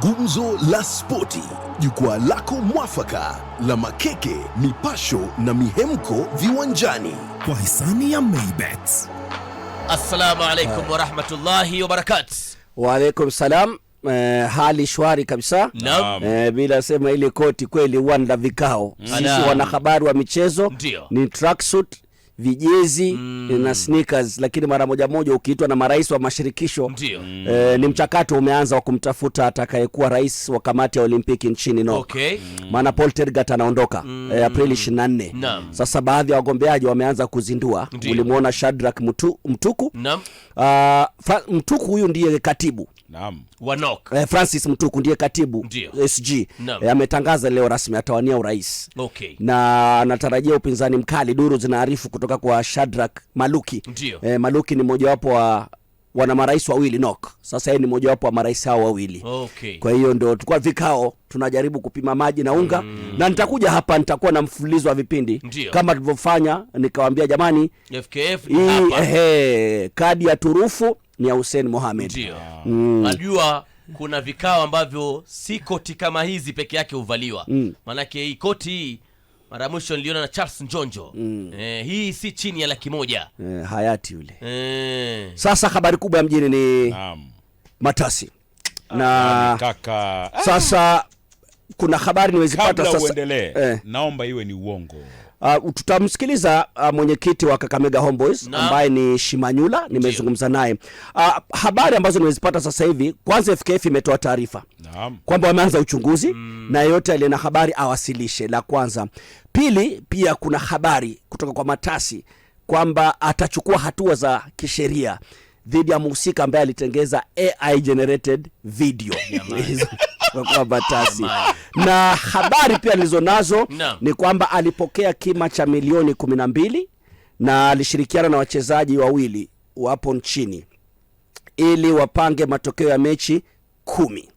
Gumzo la Spoti, jukwaa lako mwafaka la makeke, mipasho na mihemko viwanjani, kwa hisani ya Maybet. Assalamu alaikum warahmatullahi wabarakatu. Waalaikum salam. Eh, hali shwari kabisa nope. Eh, bila sema ile koti kweli huwa nda vikao. Mm. Sisi wanahabari wa michezo Ndiyo. ni tracksuit vijezi mm. na sneakers, lakini mara moja moja ukiitwa na marais wa mashirikisho mm. eh, ni mchakato umeanza wa kumtafuta atakayekuwa rais wa kamati ya Olimpiki nchini NOC okay. maana Paul Tergat anaondoka eh, mm. e, Aprili 24 na. Sasa baadhi ya wagombeaji wameanza kuzindua, ulimwona Shadrack Mtu, Mtuku na. Uh, ah, fa, Mtuku huyu ndiye katibu Naam. Eh, Francis Mtuku ndiye katibu Ndiyo. SG eh, ametangaza leo rasmi atawania urais okay. na anatarajia upinzani mkali, duru zinaarifu kutoka kutoka kwa Shadrack Maluki. E, Maluki ni mmojawapo wa wana marais wawili NOK. Sasa yeye ni mmojawapo wa marais hao wawili okay. Kwa hiyo ndio tulikuwa vikao tunajaribu kupima maji na unga mm. Na nitakuja hapa nitakuwa na mfululizo wa vipindi Ndiyo. Kama tulivyofanya nikawaambia, jamani FKF ni hii hapa. Ehe, kadi ya turufu ni ya Hussein Mohamed. Mm. Najua mm. kuna vikao ambavyo si koti kama hizi peke yake huvaliwa mm. hii koti hii mara ya mwisho niliona na Charles Njonjo mm. e, hii si chini ya laki moja e, hayati yule e. Sasa habari kubwa ya mjini ni Naam. Matasi ah, na ah, kaka. Sasa kuna habari niwezipata sasa. eh. Naomba iwe ni uongo. Uh, tutamsikiliza uh, mwenyekiti wa Kakamega Homeboys ambaye ni Shimanyula, nimezungumza naye. Uh, habari ambazo nimezipata sasa hivi, kwanza FKF imetoa taarifa kwamba wameanza uchunguzi mm, na yeyote aliye na habari awasilishe, la kwanza. Pili, pia kuna habari kutoka kwa Matasi kwamba atachukua hatua za kisheria dhidi ya mhusika ambaye alitengeza AI generated video kwa Batasi. Na habari pia nilizonazo no. ni kwamba alipokea kima cha milioni kumi na mbili na alishirikiana na wachezaji wawili wapo nchini ili wapange matokeo ya mechi kumi.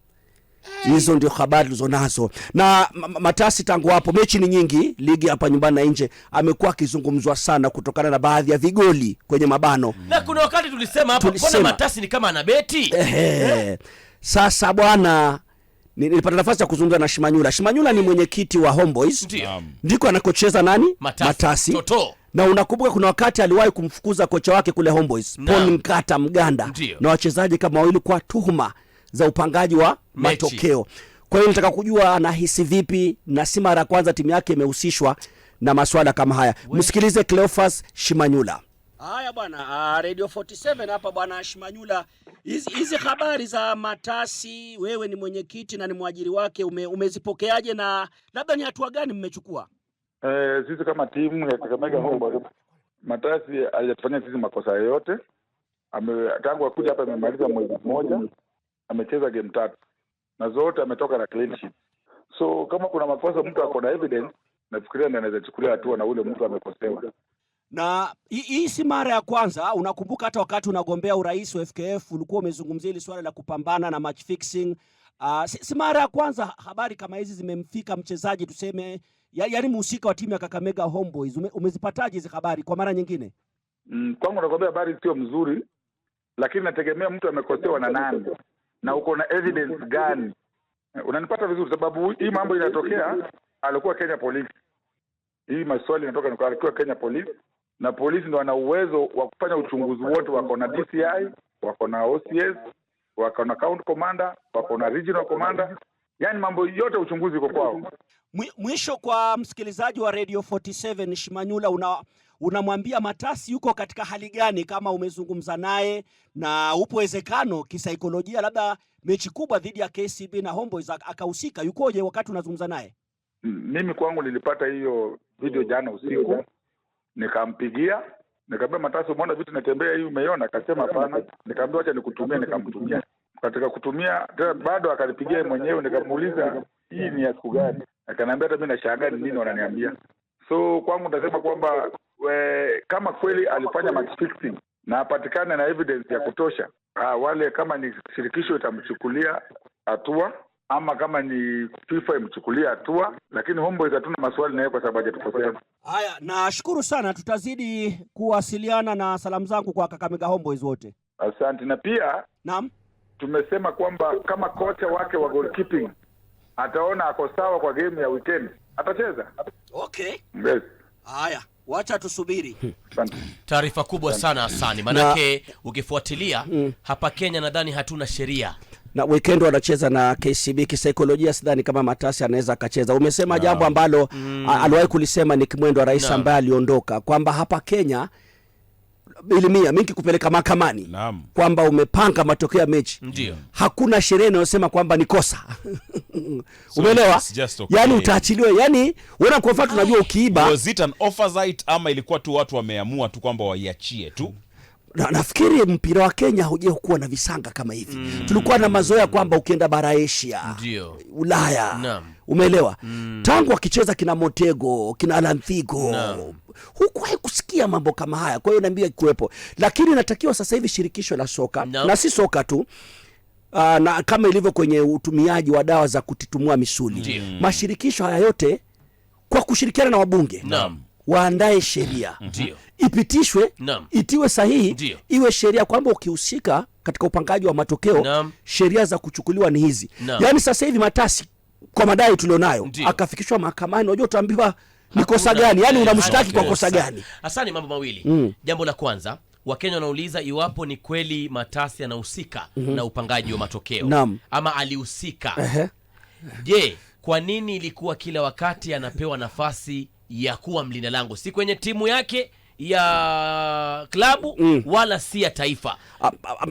Hizo ndio habari ulizonazo na Matasi. Tangu hapo mechi ni nyingi, ligi hapa nyumbani na nje, amekuwa akizungumzwa sana kutokana na baadhi ya vigoli kwenye mabano mm. na kuna wakati tulisema hapo, mbona Matasi ni kama anabeti? Ehe, eh? sasa bwana nilipata nafasi ya kuzungumza na Shimanyula. Shimanyula ni mwenyekiti wa Homeboys, ndiko anakocheza nani Matasi, Matasi. Toto. Na unakumbuka kuna wakati aliwahi kumfukuza kocha wake kule Homeboys Paul Nkata Mganda Ndiyo. na wachezaji kama wawili kwa tuhuma za upangaji wa Mechi. matokeo. Kwa hiyo nataka kujua anahisi vipi, na si mara ya kwanza timu yake imehusishwa na masuala kama haya. Msikilize Cleophas Shimanyula. Haya bwana, ah, Radio 47 hapa bwana Shimanyula, hizi habari za Matasi, wewe ni mwenyekiti na ni mwajiri wake, ume, umezipokeaje na labda ni hatua gani mmechukua? Eh, sisi kama timu ya Kakamega Homeboys, Matasi hajatufanyia sisi makosa yoyote. Tangu akuja hapa amemaliza mwezi mmoja, amecheza game tatu na zote ametoka na clean sheet. So kama kuna makosa mtu ako na evidence, nafikiria ndiye anaweza chukulia hatua na ule mtu amekosewa na hii si mara ya kwanza. Unakumbuka hata wakati unagombea urais wa FKF ulikuwa umezungumzia ile swala la kupambana na match fixing. Uh, si, si mara ya kwanza habari kama hizi zimemfika mchezaji tuseme, yaani mhusika wa timu ya Kakamega Homeboys. Ume, umezipataje hizi habari kwa mara nyingine? Mm, kwangu nakwambia habari sio mzuri, lakini nategemea mtu amekosewa na nani na uko na evidence gani? Unanipata vizuri? Sababu hii mambo inatokea, alikuwa Kenya Police, hii maswali inatoka alikuwa Kenya Police na polisi ndo wana uwezo wa kufanya uchunguzi wote. Wako na DCI, wako na OCS, wako na county commander, wako na regional commander, yaani mambo yote uchunguzi uko kwao. Mwisho kwa msikilizaji wa Radio 47 Shimanyula, una unamwambia Matasi yuko katika hali gani, kama umezungumza naye na upo uwezekano kisaikolojia, labda mechi kubwa dhidi ya KCB na Homeboys akahusika, yukoje wakati unazungumza naye? Mm, mimi kwangu nilipata hiyo video jana usiku nikampigia nikamwambia, Matasa, umeona vitu natembea hii, umeiona? Akasema hapana. Nikamwambia acha nikutumia, nikamtumia. Katika kutumia tena bado akanipigia mwenyewe, nikamuuliza hii ni ya siku gani? Akaniambia hata mimi nashangaa ni nini wananiambia. So kwangu nasema kwamba kama kweli alifanya match fixing na apatikane na evidence ya kutosha, ha, ah, wale kama ni shirikisho itamchukulia hatua ama kama ni FIFA imchukulia hatua, lakini Homeboys hatuna maswali naye kwa sababu hajatukosea. Haya, nashukuru sana, tutazidi kuwasiliana na salamu zangu kwa Kakamega Homeboys wote, asante. Na pia naam, tumesema kwamba kama kocha wake wa goalkeeping ataona ako sawa kwa game ya weekend atacheza. Okay, yes. Haya, wacha tusubiri. Hmm. Taarifa kubwa sana Asani, manake ukifuatilia hmm. hapa Kenya nadhani hatuna sheria na weekend wanacheza na KCB. Kisaikolojia sidhani kama Matasi anaweza akacheza. Umesema no. jambo ambalo mm. aliwahi kulisema Nick Mwendwa, rais no. ambaye aliondoka, kwamba hapa Kenya Ilimia mimi kikupeleka mahakamani kwamba umepanga matokeo ya mechi, hakuna sheria inayosema kwamba ni kosa so umeelewa? Okay. Yani utaachiliwa, yani wena kwa mfano tunajua ukiiba, was it an oversight ama ilikuwa tu watu wameamua tu kwamba waiachie tu na, nafikiri mpira wa Kenya hujao kuwa na visanga kama hivi mm. Tulikuwa na mazoea kwamba ukienda bara Asia, Ulaya Umeelewa mm. Tangu akicheza kina Motego kina Alanfigo hukuwahi kusikia mambo kama haya, kwa hiyo naambia ikuwepo, lakini inatakiwa sasa hivi shirikisho la soka no. na si soka tu Uh, na kama ilivyo kwenye utumiaji wa dawa za kutitumua misuli mm. mashirikisho haya yote kwa kushirikiana na wabunge no. waandae sheria ipitishwe itiwe sahihi Ndiyo. iwe sheria kwamba ukihusika katika upangaji wa matokeo sheria za kuchukuliwa ni hizi yani sasa hivi Matasi kwa madai tulionayo akafikishwa mahakamani, unajua utaambiwa ni kosa gani, yani eh, unamshtaki kwa kosa gani? Hasani, mambo mawili mm. jambo la kwanza Wakenya wanauliza iwapo ni kweli Matasi anahusika mm -hmm. na upangaji wa matokeo Naam. ama alihusika uh-huh. Je, kwa nini ilikuwa kila wakati anapewa nafasi ya kuwa mlinda lango, si kwenye timu yake ya klabu mm. wala si ya taifa.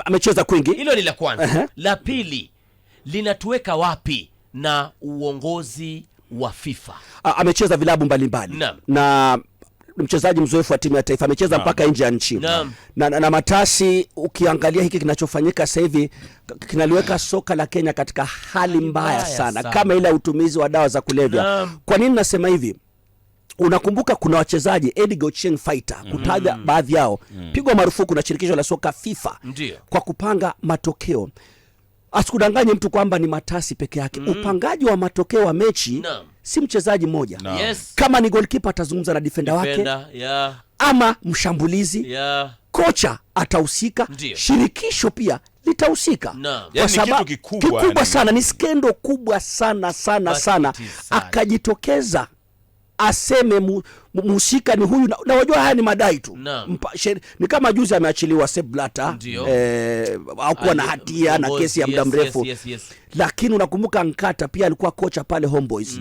Amecheza kwingi, hilo ni la kwanza. uh -huh. La pili linatuweka wapi na uongozi wa FIFA? Amecheza vilabu mbalimbali na, na mchezaji mzoefu wa timu ya taifa amecheza mpaka nje ya nchi na, na, na matasi. Ukiangalia hiki kinachofanyika sasa hivi kinaliweka soka la Kenya katika hali mbaya sana, sana, kama ile ya utumizi wa dawa za kulevya. Kwa nini nasema hivi? Unakumbuka kuna wachezaji Edgar Ochieng fighter mm -hmm. baadhi yao mm -hmm. pigwa marufuku na shirikisho la soka FIFA Ndiyo. kwa kupanga matokeo. Asikudanganye mtu kwamba ni matasi peke yake mm -hmm. upangaji wa matokeo wa mechi no. si mchezaji mmoja no. yes. kama ni goalkeeper atazungumza na defender, wake yeah. ama mshambulizi yeah. kocha atahusika, shirikisho pia litahusika no. kwa yaani sababu kikubwa, kikubwa sana ni skendo kubwa sana sana sana, akajitokeza aseme mhusika ni huyu, na wajua haya ni madai tu ni kama juzi ameachiliwa Sepp eh, hakuwa na hatia na kesi ya muda mrefu yes, yes, yes, Lakini unakumbuka Nkata pia alikuwa kocha pale Homeboys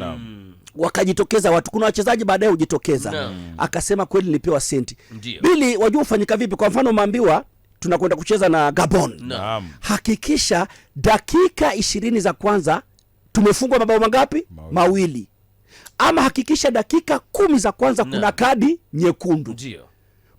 wakajitokeza watu, kuna wachezaji baadaye hujitokeza no. Akasema kweli nilipewa senti bili. Wajua ufanyika vipi? Kwa mfano umeambiwa tunakwenda kucheza na Gabon no. Hakikisha dakika ishirini za kwanza tumefungwa mabao mangapi? Mawili, mawili ama hakikisha dakika kumi za kwanza kuna kadi nyekundu. Ndio.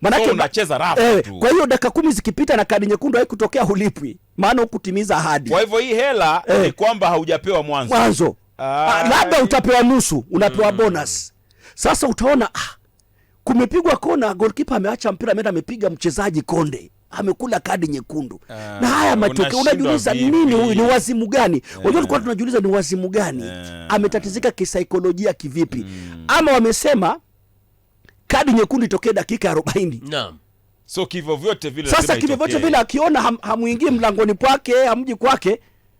Manake unacheza rafu eh, tu. Kwa hiyo dakika kumi zikipita na kadi nyekundu haikutokea hulipwi, maana hukutimiza ahadi. Kwa hivyo hii hela eh, ni kwamba haujapewa mwanzo. Mwanzo. Ah. Ah, labda utapewa nusu, unapewa mm, bonus. Sasa utaona ah, kumepigwa kona, goalkeeper ameacha mpira ameenda amepiga mchezaji konde amekula kadi nyekundu uh, na haya matokeo unajiuliza nini? Ni wazimu gani? yeah. wajua tulikuwa tunajiuliza ni wazimu gani yeah. ametatizika kisaikolojia kivipi? mm. ama wamesema kadi nyekundu itokee dakika arobaini. Naam. So kivyo vyote vile sasa, kivyo vyote vile akiona ham, mlangoni kwake hamji kwake,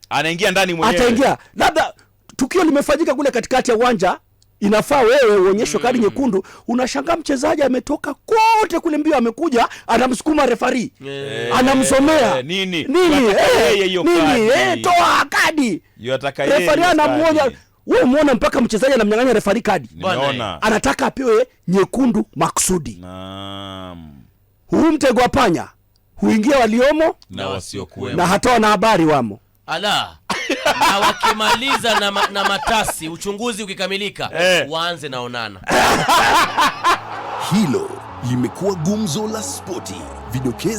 anaingia ndani mwenyewe, ataingia labda tukio limefanyika kule katikati ya uwanja Inafaa wewe uonyeshwe kadi mm. nyekundu. Unashangaa mchezaji ametoka kote kule mbio, amekuja anamsukuma refari, eh. anamsomea eh, eh, toa kadi, refari anamwonya we umwona mpaka mchezaji anamnyang'anya refari kadi, anataka apewe nyekundu maksudi huu mtego wa panya huingia waliomo na na hata wanahabari wamo. Ala na wakimaliza na, ma, na matasi uchunguzi ukikamilika eh, waanze naonana. Hilo limekuwa gumzo la spoti vidokezo